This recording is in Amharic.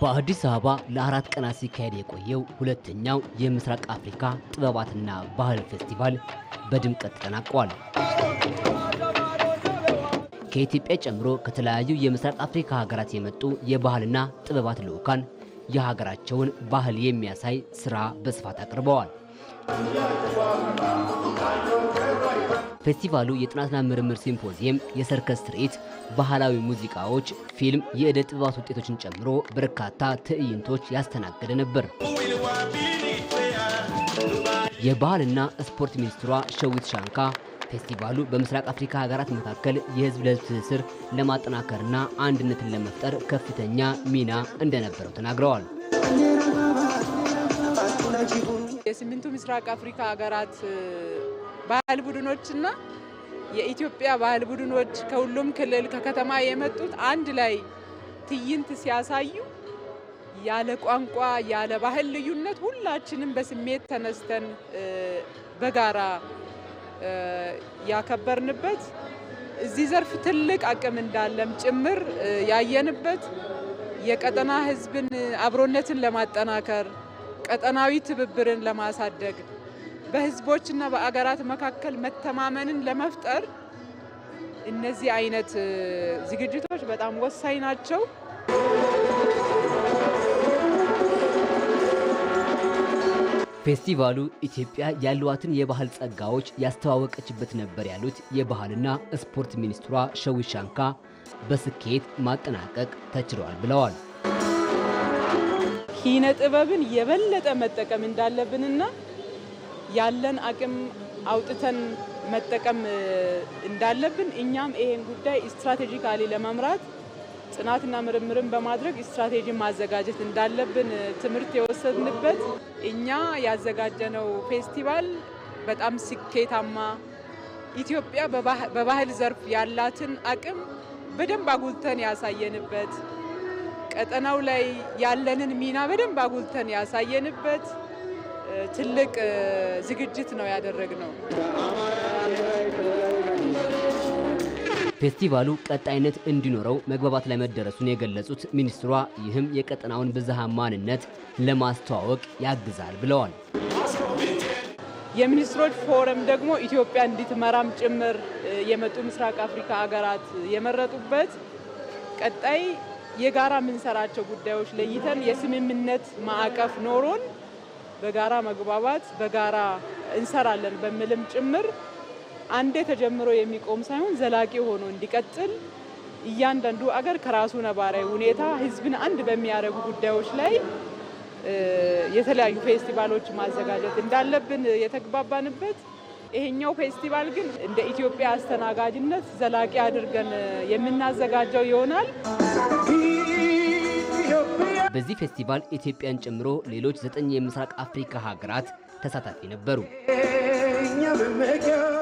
በአዲስ አበባ ለአራት ቀናት ሲካሄድ የቆየው ሁለተኛው የምስራቅ አፍሪካ ጥበባትና ባህል ፌስቲቫል በድምቀት ተጠናቋል። ከኢትዮጵያ ጨምሮ ከተለያዩ የምስራቅ አፍሪካ ሀገራት የመጡ የባህልና ጥበባት ልዑካን የሀገራቸውን ባህል የሚያሳይ ስራ በስፋት አቅርበዋል። ፌስቲቫሉ የጥናትና ምርምር ሲምፖዚየም፣ የሰርከስ ትርኢት፣ ባህላዊ ሙዚቃዎች፣ ፊልም፣ የዕደ ጥበባት ውጤቶችን ጨምሮ በርካታ ትዕይንቶች ያስተናገደ ነበር። የባህልና ስፖርት ሚኒስትሯ ሸዊት ሻንካ ፌስቲቫሉ በምስራቅ አፍሪካ ሀገራት መካከል የህዝብ ለህዝብ ትስስር ለማጠናከርና አንድነትን ለመፍጠር ከፍተኛ ሚና እንደነበረው ተናግረዋል። የስምንቱ ምስራቅ አፍሪካ ሀገራት ባህል ቡድኖችና የኢትዮጵያ ባህል ቡድኖች ከሁሉም ክልል ከከተማ የመጡት አንድ ላይ ትዕይንት ሲያሳዩ ያለ ቋንቋ ያለ ባህል ልዩነት ሁላችንም በስሜት ተነስተን በጋራ ያከበርንበት እዚህ ዘርፍ ትልቅ አቅም እንዳለም ጭምር ያየንበት የቀጠና ሕዝብን አብሮነትን ለማጠናከር ቀጠናዊ ትብብርን ለማሳደግ በህዝቦችና በአገራት መካከል መተማመንን ለመፍጠር እነዚህ አይነት ዝግጅቶች በጣም ወሳኝ ናቸው። ፌስቲቫሉ ኢትዮጵያ ያሏትን የባህል ጸጋዎች ያስተዋወቀችበት ነበር ያሉት የባህልና ስፖርት ሚኒስትሯ ሸዊሻንካ በስኬት ማጠናቀቅ ተችሏል ብለዋል። ኪነ ጥበብን የበለጠ መጠቀም እንዳለብንና ያለን አቅም አውጥተን መጠቀም እንዳለብን እኛም ይሄን ጉዳይ ስትራቴጂካሊ ለመምራት ጥናትና ምርምርን በማድረግ ስትራቴጂ ማዘጋጀት እንዳለብን ትምህርት የወሰድንበት እኛ ያዘጋጀነው ፌስቲቫል በጣም ስኬታማ ኢትዮጵያ በባህል ዘርፍ ያላትን አቅም በደንብ አጉልተን ያሳየንበት ቀጠናው ላይ ያለንን ሚና በደንብ አጉልተን ያሳየንበት ትልቅ ዝግጅት ነው ያደረግነው። ፌስቲቫሉ ቀጣይነት እንዲኖረው መግባባት ላይ መደረሱን የገለጹት ሚኒስትሯ ይህም የቀጠናውን ብዝሃ ማንነት ለማስተዋወቅ ያግዛል ብለዋል። የሚኒስትሮች ፎረም ደግሞ ኢትዮጵያ እንድትመራም ጭምር የመጡ ምስራቅ አፍሪካ ሀገራት የመረጡበት ቀጣይ የጋራ የምንሰራቸው ጉዳዮች ለይተን የስምምነት ማዕቀፍ ኖሮን በጋራ መግባባት፣ በጋራ እንሰራለን በሚልም ጭምር አንዴ ተጀምሮ የሚቆም ሳይሆን ዘላቂ ሆኖ እንዲቀጥል እያንዳንዱ አገር ከራሱ ነባራዊ ሁኔታ ህዝብን አንድ በሚያደርጉ ጉዳዮች ላይ የተለያዩ ፌስቲቫሎች ማዘጋጀት እንዳለብን የተግባባንበት ይሄኛው ፌስቲቫል ግን እንደ ኢትዮጵያ አስተናጋጅነት ዘላቂ አድርገን የምናዘጋጀው ይሆናል። በዚህ ፌስቲቫል ኢትዮጵያን ጨምሮ ሌሎች ዘጠኝ የምስራቅ አፍሪካ ሀገራት ተሳታፊ ነበሩ።